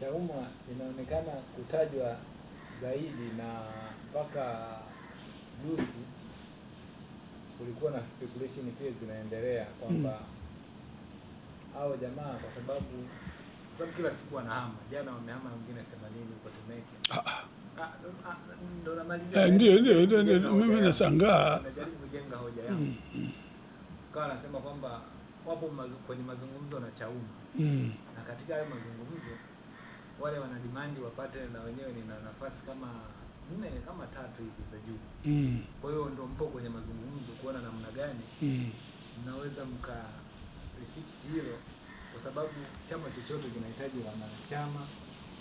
cha umma inaonekana kutajwa zaidi na mpaka juzi kulikuwa na speculation pia zinaendelea kwamba hmm. hao jamaa kwa sababu kwa sababu kila siku wanahama, jana wamehama wengine 80 huko Temeke. Ndio Ndio ndio ndio, mimi nashangaa. Najaribu kujenga hoja yangu. Hmm, hmm. Kawa nasema kwamba wapo mazu, kwenye mazungumzo na Chauma mm. na katika hayo mazungumzo wale wana demand wapate na wenyewe nina nafasi kama nne kama tatu hivi za juu mm. kwa hiyo ndio mpo kwenye mazungumzo kuona namna gani mm. mnaweza mka prefix hilo, kwa sababu chama chochote kinahitaji wanachama,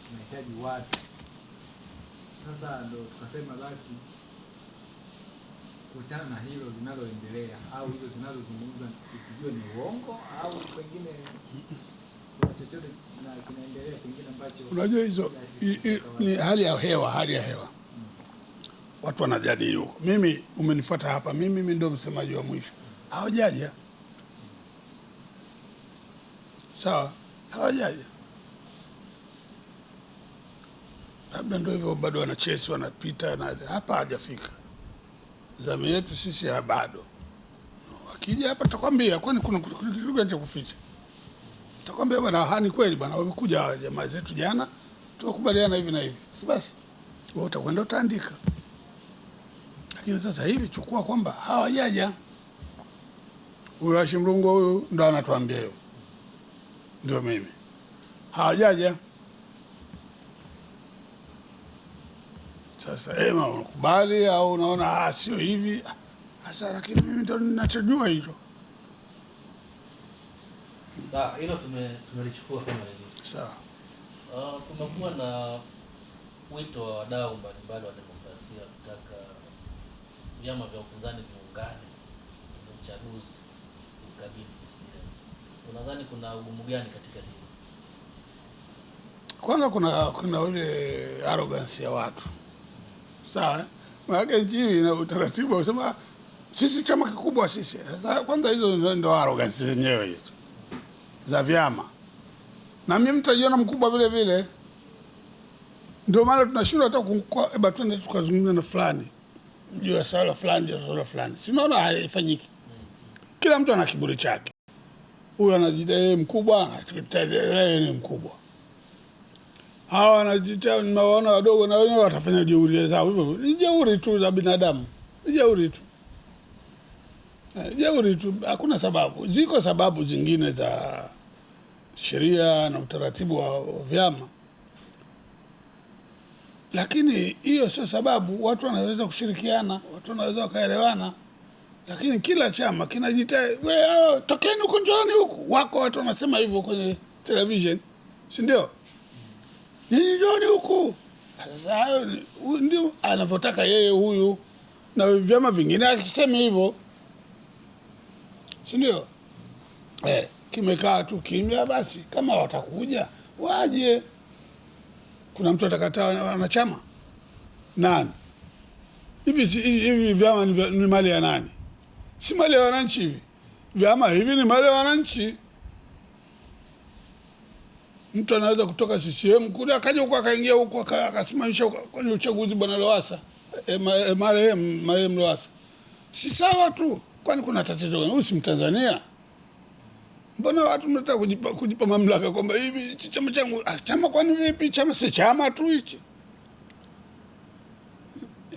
kinahitaji watu. Sasa ndio tukasema basi kuhusiana na hilo linaloendelea au hizo zinazozungumza ikijua ni uongo au pengine kuna chochote kinaendelea pengine ambacho unajua hizo ni hali ya hewa, hali ya hewa hmm. Watu wanajadili huko. Mimi umenifuata hapa, mimi mimi ndio msemaji wa mwisho. Hawajaja sawa, hawajaja labda ndio hivyo, bado wanachesi wanapita na hapa hajafika zamu yetu sisi ya bado. Akija hapa tutakwambia, kwani kuna kitu gani cha kuficha? Tutakwambia bwana, hani kweli bwana, wamekuja jamaa zetu jana, tumekubaliana hivi na hivi, si basi wewe utakwenda utaandika. Lakini sasa hivi chukua kwamba hawajaja, huyo Hashim Rungwe huyu ndo anatuambia hiyo, ndio mimi hawajaja. Sasa ema, eh, unakubali au unaona ah, sio hivi Sasa lakini mimi ndo ninachojua hicho. Sawa, hilo tumelichukua kama hivi. Sawa. Uh, kumekuwa na wito wa wadau mbalimbali wa demokrasia kutaka vyama vya upinzani viungane na uchaguzi ukabili CCM. Unadhani kuna ugumu gani katika hilo? Kwanza kuna kuna ile arrogance ya watu sawa. Eh? Maana nchi ina utaratibu unasema sisi chama kikubwa sisi. Sasa kwanza hizo ndio arrogance zenyewe hizo za vyama, na mimi mtajiona mkubwa vile vile. Ndio maana tunashindwa hata eba, twende tukazungumza na fulani juu ya swala fulani, juu ya swala fulani, si unaona haifanyiki. Kila mtu ana kiburi chake, huyo anajidai mkubwa, ni mkubwa hawa wanajitia, nimewaona wadogo na wenyewe watafanya jeuri zao hivyo. Ni jeuri tu za binadamu, ni jeuri tu, eh, jeuri tu, hakuna sababu. Ziko sababu zingine za sheria na utaratibu wa vyama, lakini hiyo sio sababu. Watu wanaweza kushirikiana, watu wanaweza wakaelewana, lakini kila chama kinajitaa, tokeni huku, njooni huku. Wako watu wanasema hivyo kwenye television, si ndio? nyinyi huku. Sasa hayo ndio anavyotaka yeye huyu, na vyama vingine akiseme hivyo, si ndio? Eh, kimekaa tu kimya basi, kama watakuja waje. Kuna mtu atakataa wanachama? Nani? Hivi hivi vyama ni mali ya nani? Si mali ya wananchi hivi? Vyama hivi ni mali ya wananchi mtu anaweza kutoka CCM kule akaja huko akaingia huko akasimamisha kwenye uchaguzi bwana Lowassa e, marehemu marehemu Lowassa, si sawa tu? Kwani kuna tatizo gani? Huyu si Mtanzania? Mbona watu mnataka kujipa, kujipa mamlaka kwamba hivi chama changu ah, chama? Kwani vipi? Chama si chama tu hichi,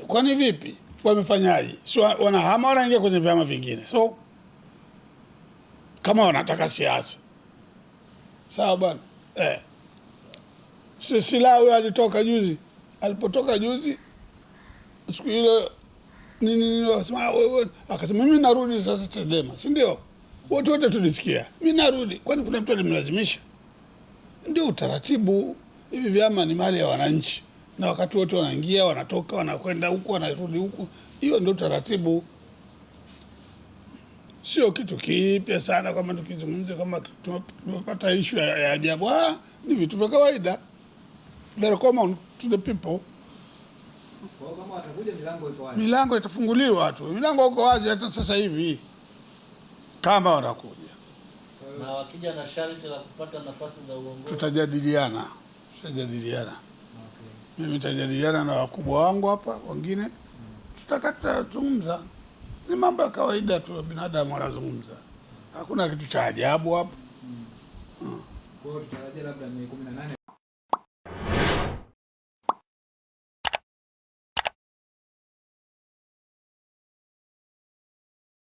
kwani vipi? Wamefanyaje? si wanahama, wanaingia kwenye vyama vingine. So kama wanataka siasa, sawa bwana eh. Silaa huyo alitoka juzi, alipotoka juzi siku ile nini nini, ah, akasema mimi narudi sasa Chadema, si ndio? Wote wote tulisikia mi narudi. Kwani kuna mtu alimlazimisha? Ndio utaratibu. Hivi vyama ni mali ya wananchi, na wakati wote wanaingia wanatoka, wanakwenda huku, wanarudi huku, hiyo ndio utaratibu sio kitu kipya sana, kama tukizungumza kama tumepata ishu ya ajabu. Ah, ni vitu vya kawaida, they're common to the people. Milango itafunguliwa tu, milango uko wazi hata sasa hivi kama wanakuja na wakija na sharti la kupata nafasi za uongozi, tutajadiliana tutajadiliana. Okay. Mimi nitajadiliana na wakubwa wangu hapa wengine, Tutakata tuzungumza ni mambo ya kawaida tu, binadamu wanazungumza, hakuna kitu cha ajabu hapo.